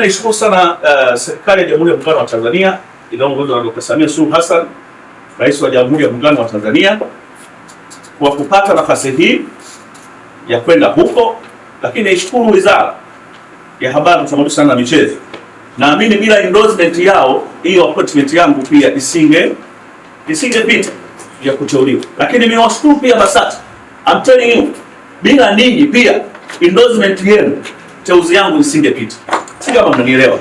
naishukuru sana uh, eh, serikali ya Jamhuri ya Muungano wa Tanzania inayoongozwa na Dr. Samia Suluhu Hassan, Rais wa Jamhuri ya Muungano wa Tanzania kwa kupata nafasi hii ya kwenda huko, lakini naishukuru Wizara ya Habari, Utamaduni, Sanaa na Michezo. Naamini bila endorsement yao hiyo appointment yangu pia isinge isingepita ya kuteuliwa, lakini nimewashukuru pia BASATA. I'm telling you, bila ninyi pia endorsement yenu teuzi yangu isingepita si kama mnanielewa.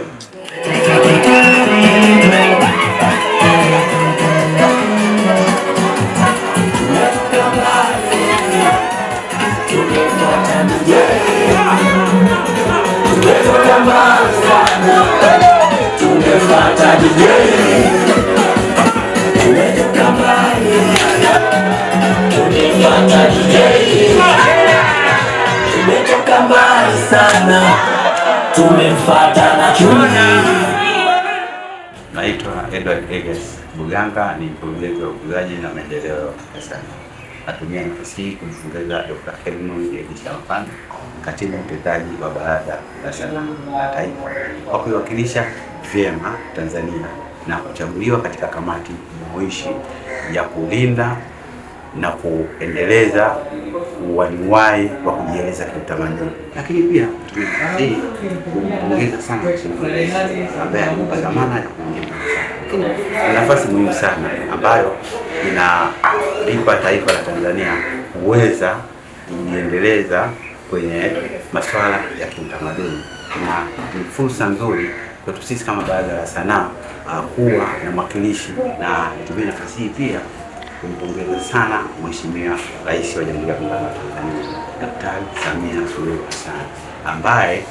Tumetoka mbali sana tumemfuata na chuki. Naitwa Edward Eges Buganga, ni mkurugenzi wa ukuzaji na maendeleo ya sanaa. Natumia nafasi hii kumpongeza Dr. Helmon Elisha Mapana, katibu mtendaji wa Baraza la Sanaa la Taifa, kwa kuiwakilisha vyema Tanzania na kuchaguliwa katika kamati muishi ya kulinda na kuendeleza waliwahi wa kujieleza kiutamaduni, lakini pia tunazidi ah, kumpongeza sana ambaye alikupa dhamana ya kuongea. na nafasi muhimu sana ambayo inalipa taifa la Tanzania kuweza kujiendeleza kwenye masuala ya kiutamaduni, na ni fursa nzuri kwetu sisi kama Baraza la Sanaa ah, kuwa na mwakilishi, na nitumie nafasi hii pia kumpongeza sana Mheshimiwa Rais wa Jamhuri ya Muungano wa Tanzania Daktari Samia Suluhu Hassan ambaye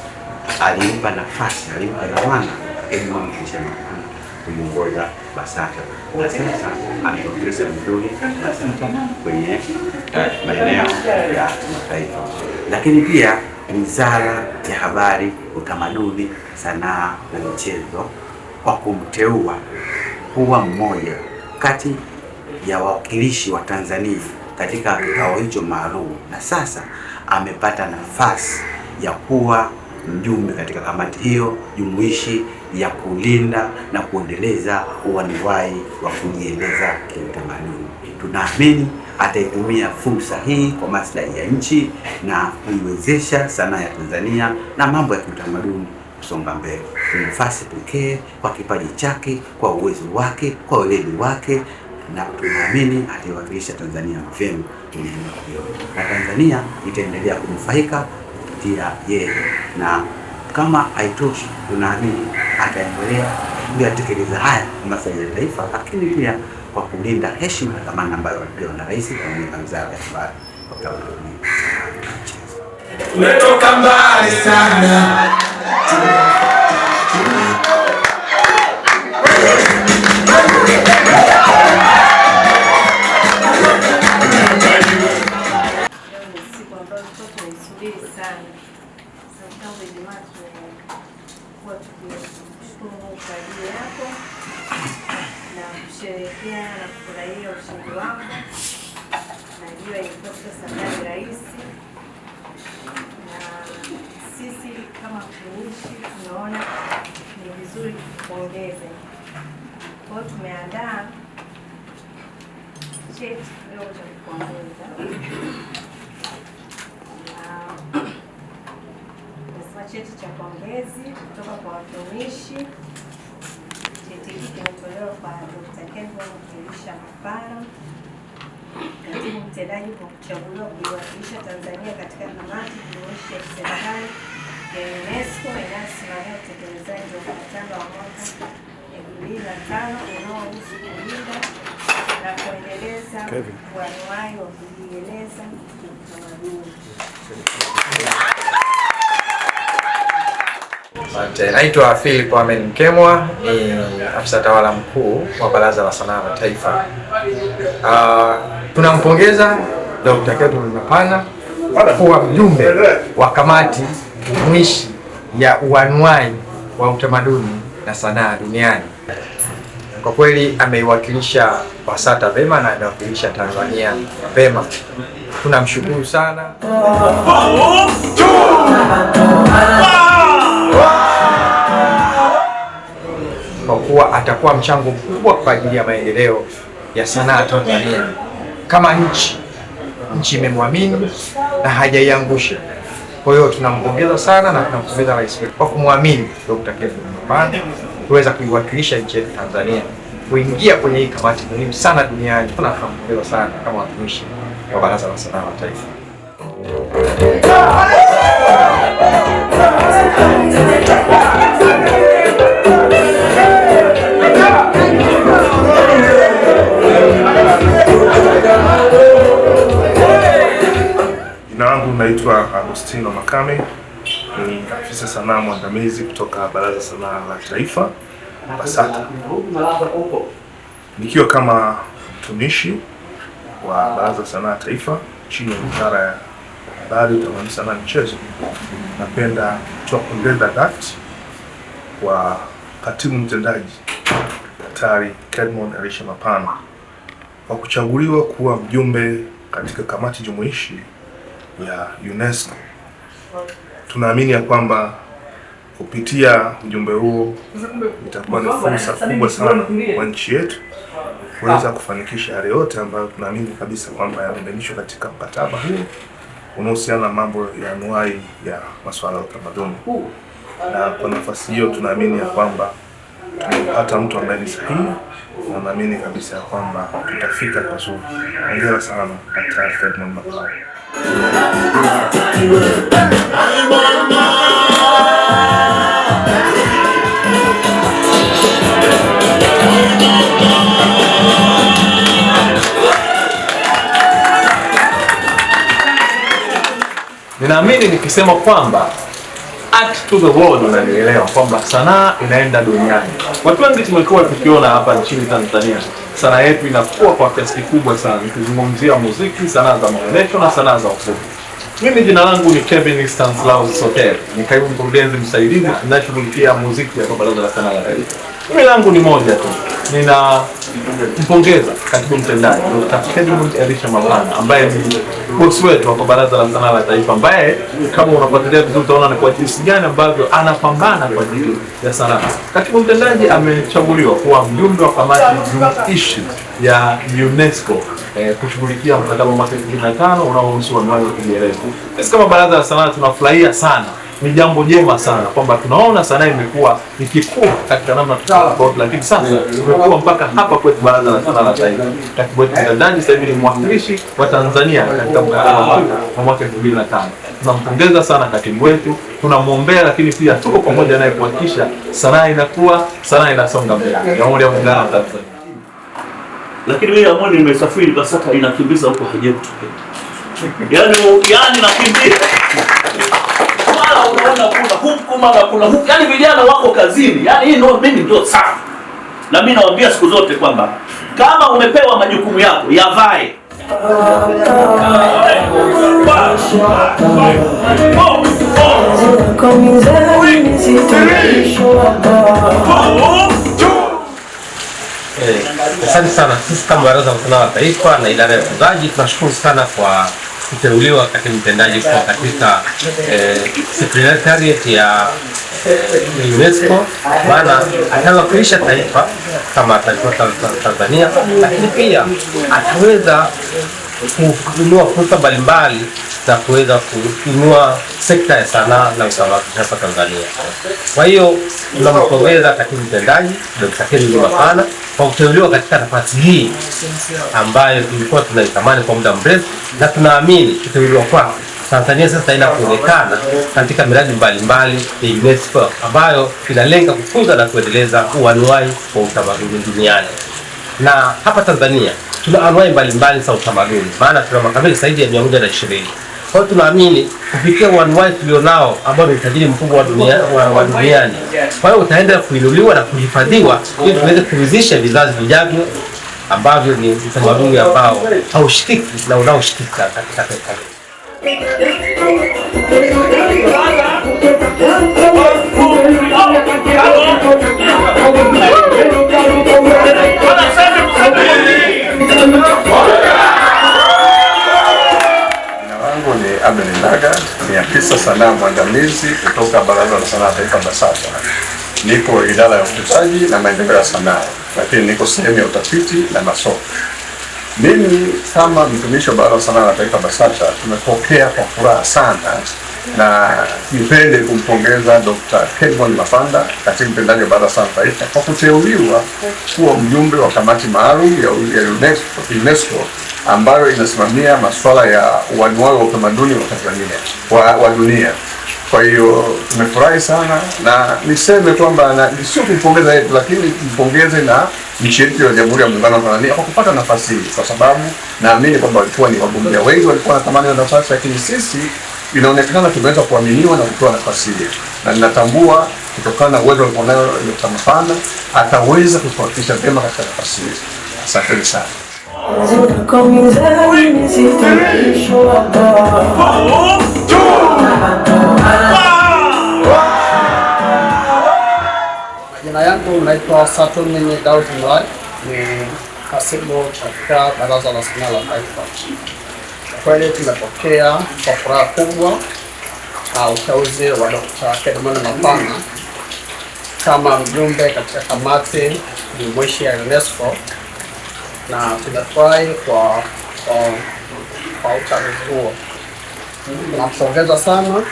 alimpa nafasi, alimpa dhamana Edmond Mkishamakana kuiongoza BASATA na sasa ametokea sehemu BASATA kwenye eh, maeneo ya kimataifa, lakini pia Wizara ya Habari, Utamaduni, Sanaa na Michezo kwa kumteua kuwa mmoja kati ya wawakilishi wa Tanzania katika kikao hicho maalum, na sasa amepata nafasi ya kuwa mjumbe katika kamati hiyo jumuishi ya kulinda na kuendeleza uwaniwai wa kujieleza kiutamaduni. Tunaamini ataitumia fursa hii kwa maslahi ya nchi na kuiwezesha sanaa ya Tanzania na mambo ya kiutamaduni kusonga mbele. Ni nafasi pekee kwa kipaji chake, kwa uwezo wake, kwa weledi wake na tunaamini atawakilisha Tanzania vyema kwenye eneo hilo, na Tanzania itaendelea kunufaika kupitia yeye, na kama haitoshi, tunaamini ataendelea kuyatekeleza haya maslahi ya taifa, lakini pia kwa kulinda heshima na dhamana ambayo alipewa na rais pamoja na wizara ya habari. Tumetoka mbali sana. matarajio yako na kusherehekea na kufurahia ushindi wako. Najua ilikuwa safari rahisi, na sisi kama kuishi tunaona ni vizuri tukupongeze. Kwa hiyo tumeandaa cheti leo cha kupongeza cheti cha pongezi kutoka kwa watumishi. Cheti hiki kimetolewa kwa Dr. Kevin Elisha Mapara, katibu mtendaji, kwa kuchaguliwa kuiwakilisha Tanzania katika kamati jumuishi ya serikali ya UNESCO inayosimamia utekelezaji wa mkataba wa mwaka tano unaohusu kulinda na kuendeleza uanuwai wa kujieleza kitamaduni. Naitwa Philip amen Mkemwa, ni afisa tawala mkuu wa Baraza la Sanaa la Taifa. Uh, tunampongeza Dr. Kedmon Mpana kuwa mjumbe wa kamati jumuishi ya uanuai wa utamaduni na sanaa duniani. Kwa kweli ameiwakilisha BASATA vema na amewakilisha Tanzania vema, tunamshukuru sana. kwa kuwa atakuwa mchango mkubwa kwa ajili ya maendeleo ya sanaa Tanzania kama nchi. Nchi imemwamini na hajaiangusha. Kwa hiyo tunampongeza sana na tunampongeza rais wetu kwa kumwamini Dr. Kevin Mapana kuweza kuiwakilisha nchi yetu Tanzania kuingia kwenye hii kamati muhimu sana duniani. Tunampongeza sana kama watumishi wa Baraza la Sanaa la Taifa. Naitwa uh, Agostino Makame, ni afisa sanaa mwandamizi kutoka Baraza Sanaa la Taifa BASATA, nikiwa kama mtumishi wa Baraza Sanaa Taifa chini ya Wizara ya Habari, Utamaduni, Sanaa na Michezo. Napenda kutoa pongezi za dhati kwa katibu mtendaji Daktari Kedmon Elisha Mapana kwa kuchaguliwa kuwa mjumbe katika kamati jumuishi ya UNESCO. Tunaamini ya kwamba kupitia ujumbe huo itakuwa ni fursa kubwa sana kwa nchi yetu kuweza kufanikisha yale yote ambayo tunaamini kabisa kwamba yamebainishwa katika mkataba huu unaohusiana na mambo ya anuai ya masuala ya utamaduni, na kwa nafasi hiyo tunaamini ya kwamba pata mtu ambaye ni sahihi na naamini kabisa ya kwamba tutafika pazuri. Hongera sana daktari Ninaamini nikisema kwamba act to the world unanielewa kwamba sanaa inaenda duniani. Watu wengi tumekuwa tukiona hapa nchini Tanzania sanaa yetu inakuwa kwa kiasi kikubwa sana, nikizungumzia muziki, sanaa za maonyesho na sanaa za ufundi. Mimi jina langu ni Kevin Stanislaus Soter, ni kaimu mkurugenzi msaidizi anayeshughulikia muziki hapa Baraza la Sanaa la Taifa. Mimi langu ni moja tu nina mpongeza katibu mtendaji Dr. Kedmond Elisha Mabana ambaye ni bosi wetu hapa Baraza la Sanaa la Taifa, ambaye kama unafuatilia vizuri utaona ni kwa jinsi gani ambavyo anapambana kwa ajili ya sanaa. Katibu mtendaji amechaguliwa kuwa mjumbe wa kamati jumuishi ya UNESCO eh, kushughulikia mkataba mwaka 2025 unaohusu wanawake wa Kiingereza. Sisi kama Baraza la Sanaa tunafurahia sana ni jambo jema sana kwamba tunaona sanaa imekuwa ikikua katika namna tofauti, lakini sasa tumekuwa mpaka hapa kwetu Baraza la Sanaa la Taifa. Takibu wetu ndani sasa hivi ni mwakilishi wa Tanzania katika mkutano wa mwaka 2005. Tunampongeza sana katibu wetu, tunamwombea, lakini pia tuko pamoja naye kuhakikisha sanaa inakuwa, sanaa inasonga mbele Jamhuri ya Muungano wa Tanzania. Lakini mimi amoni nimesafiri kwa sasa inakimbiza huko, haijakutukia yaani, yaani nakimbia unaona kuna huku mara kuna huku, yani vijana wako kazini, yani hii ndio mimi ndio safi. Na mimi nawaambia siku zote kwamba kama umepewa majukumu yako yavae. Eh, asante sana. Sisi kama Baraza la Sanaa la Taifa na Idara ya Utunzaji tunashukuru sana kwa kuteuliwa kati mtendaji kwa katika eh, secretariat ya UNESCO, maana atawakilisha taifa kama atakuwa Tanzania, lakini pia ataweza kuinua fursa mbalimbali za kuweza kuinua sekta ya sanaa na utamaduni hapa Tanzania. Kwa hiyo tunampongeza katibu mtendaji Dkt. Kennedy Mapana kwa kuteuliwa katika nafasi hii ambayo tulikuwa tunaitamani kwa muda mrefu, na tunaamini kuteuliwa kwako Tanzania sasa ina kuonekana katika miradi mbalimbali ya UNESCO ambayo inalenga kukuza na kuendeleza uanuai wa utamaduni duniani. Na hapa Tanzania tuna anuai mbalimbali za utamaduni, maana tuna makamili zaidi ya mia moja na ishirini. Kwa hiyo tunaamini kupitia wanuwai tulionao ambao ni utajiri mkubwa wa dunia wa duniani, kwa hiyo utaenda kuinuliwa na kuhifadhiwa ili tuweze kuridhisha vizazi vijavyo ambavyo ni utamaduni ambao haushikiki na unaoshikika katika taifa letu. ni afisa sanaa mwandamizi kutoka Baraza la Sanaa la Taifa BASATA. Niko idara ya ukusaji na maendeleo ya sanaa, lakini niko sehemu ya utafiti na masoko. Mimi kama mtumishi wa Baraza la Sanaa la Taifa BASATA, tumepokea kwa furaha sana na nipende kumpongeza Dr. Kedmon Mapanda, katibu mtendaji wa Baraza la Taifa kwa kuteuliwa kuwa mjumbe wa kamati maalum ya UNESCO ambayo inasimamia masuala ya uanuwai wa utamaduni wa Tanzania wa, wa dunia. Kwa hiyo tumefurahi sana na niseme kwamba sio kumpongeza yetu, lakini mpongeze na mshiriki wa Jamhuri ya Muungano wa Tanzania kwa kupata nafasi hii, kwa sababu naamini kwamba walikuwa ni wagombea wengi walikuwa wanatamani nafasi, lakini sisi inaonekana tumeweza kuaminiwa na kutoa nafasi hiyo, na ninatambua kutokana na uwezo nayo Dkt. Mapana ataweza kutuhakikisha vyema katika nafasi hiyo. Asanteni sana. Jina yangu naitwa Mwenye Daudi Mwai, ni kasibu katika Baraza la Sanaa la Taifa. Kwa kweli tumepokea kwa furaha kubwa uteuzi wa Dkt. Kedmon Mapana kama mjumbe katika kamati jumuishi ya UNESCO na tumefurahi kwa kwa uteuzi huo. Tunampongeza sana,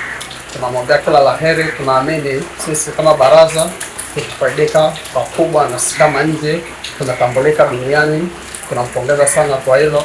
tunamwambia kila la heri. Tunaamini sisi kama baraza tutafaidika pakubwa, na si kama nje tumetambulika duniani. Tunampongeza sana kwa hilo.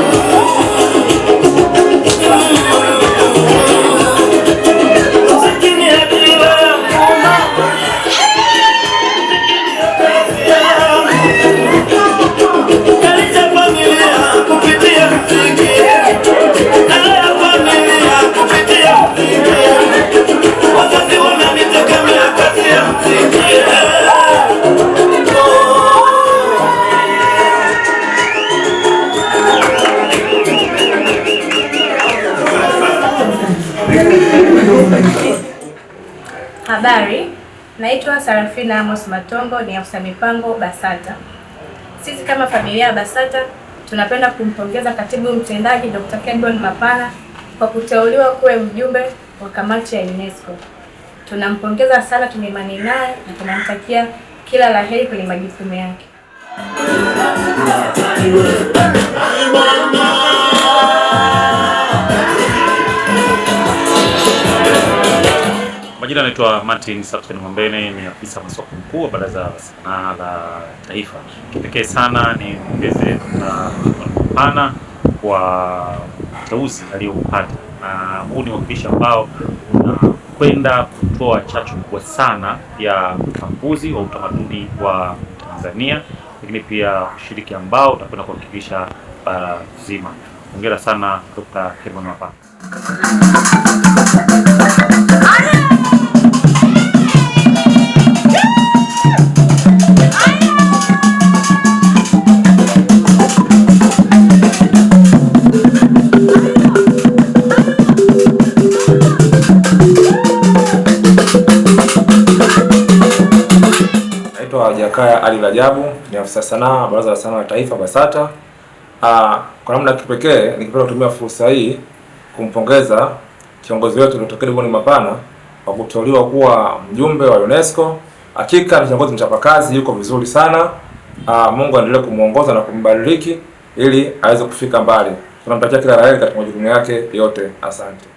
Habari, naitwa Sarafina Amos Matongo, ni afisa mipango BASATA. Sisi kama familia ya BASATA tunapenda kumpongeza katibu mtendaji Dr. Kedmon Mapana kwa kuteuliwa kuwe mjumbe wa kamati ya UNESCO. Tunampongeza sana, tumeimani naye na tunamtakia kila la heri kwenye majukumu yake. majina anaitwa Martin Sapson Mwambene, ni afisa masoko mkuu wa Baraza la Sanaa la Taifa. Kipekee sana ni mpongeze pana wa uteuzi aliyoupata, na huu ni wakilisha ambao unakwenda kutoa chachu kubwa sana ya utambuzi wa utamaduni wa Tanzania, lakini pia ushiriki ambao utakwenda kuwakilisha bara zima. Hongera sana Dr. Kevin Mapana. Jakaya Ali Rajabu ni afisa sanaa Baraza la Sanaa la Taifa BASATA. Ah, kwa namna kipekee nikipenda kutumia fursa hii kumpongeza kiongozi wetu Dr. Kelvin Mapana kwa kuteuliwa kuwa mjumbe wa UNESCO. Hakika ni kiongozi mchapakazi, yuko vizuri sana. Ah, Mungu aendelee kumuongoza na kumbariki ili aweze kufika mbali. Tunamtakia kila la heri katika majukumu yake yote. Asante.